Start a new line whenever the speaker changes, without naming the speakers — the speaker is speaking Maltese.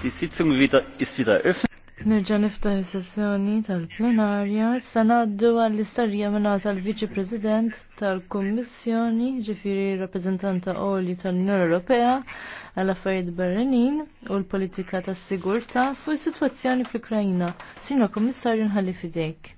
Die
Nerġa' niftaħ is-sessjoni tal-plenarja se ngħaddu għall-istarrija minna tal-Viċi President tal-Kummissjoni, ġifiri rappreżentanta oli tal-Unjoni Ewropea għall affarijiet barranin u l-politika tas-sigurtà fuq is-sitwazzjoni fl-Ukrajna. Sina Kommissarju nħalli fidejk.